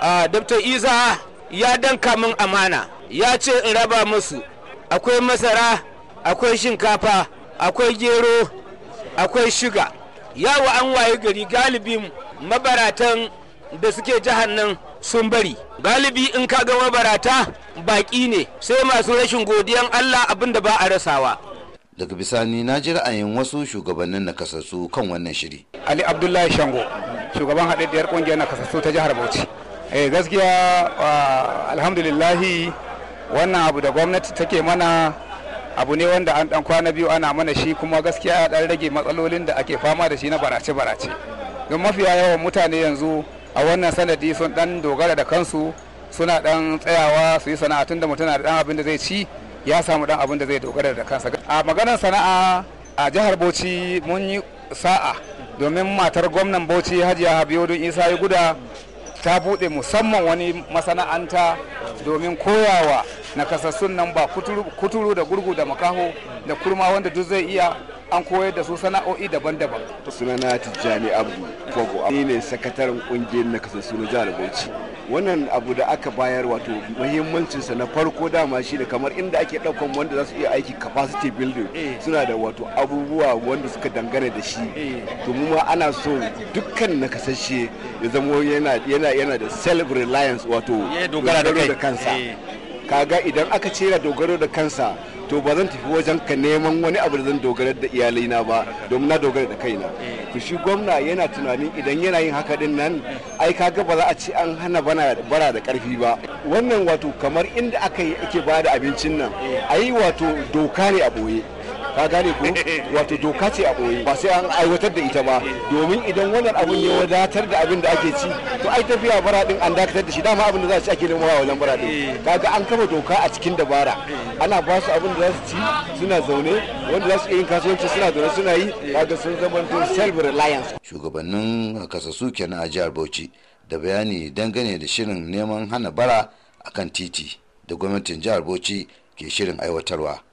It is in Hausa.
Ah, dr isa ya danka min amana ya ce in raba musu akwai masara akwai shinkafa akwai gero akwai shiga yawo an waye gari galibin mabaratan da suke jihar nan sun bari galibi in ka ga mabarata baƙi ne sai masu rashin godiyan allah abin da ba a rasawa daga bisani na ji ra'ayin wasu shugabannin nakasassu kan wannan shiri ali abdullahi shango shugaban haɗaɗɗiyar ƙungiyar nakasassu ta jihar bauchi eh gaskiya alhamdulillahi wannan abu da gwamnati take mana abu ne wanda an dan kwana biyu ana mana shi kuma gaskiya ya dan rage matsalolin da ake fama da shi na barace-barace don mafiya yawan mutane yanzu a wannan sanadi sun dan dogara da kansu suna dan tsayawa su yi sana'a tunda mutum na da dan abin da zai ci ya samu dan abin da zai dogara da kansa a maganar sana'a a jihar bauchi mun yi sa'a domin matar gwamnan bauchi hajiya habiyodun isa ya guda ta buɗe musamman wani masana'anta domin koyawa nakasassun nan ba kuturu da gurgu da makaho da kurma wanda duk zai iya an koyar da su sana'o'i daban-daban. sunana tijjani abu kogo ne sakataren kungiyar na na jihar bauchi wannan abu da aka bayar wato muhimmancinsa na farko dama shi da kamar inda ake ɗaukan wanda za su iya aiki capacity building eh. suna da wato abubuwa wanda suka dangana da shi eh. to mu ma ana so dukkan na kasashe ya zamo yana da self reliance wato dogara da kansa eh. kaga idan aka ce yana dogaro da kansa to ba zan tafi wajen ka neman wani abu da zan dogara da iyalaina ba domin na dogara da kaina eh. to shi gwamna yana tunanin idan yana yin haka din nan ai kaga ba za a ci an hana bana bara da karfi ba wannan wato kamar inda aka yi ake bada abincin nan eh. ai wato doka ne a boye ka gane ko wato doka ce a ɓoye ba sai an aiwatar da ita ba domin idan wannan abin ya wadatar da abin da ake ci to ai tafiya bara din an dakatar da shi dama abin da za su ake nemo a wajen bara din eh. kaga an kafa doka a cikin dabara eh. ana ba su abin da za su ci suna zaune wanda za su yi kasuwanci suna zaune suna yi eh. kaga sun zama to self reliance shugabannin kasasu kenan a jihar Bauchi da bayani dangane da shirin neman hana bara akan titi da gwamnatin jihar Bauchi ke shirin aiwatarwa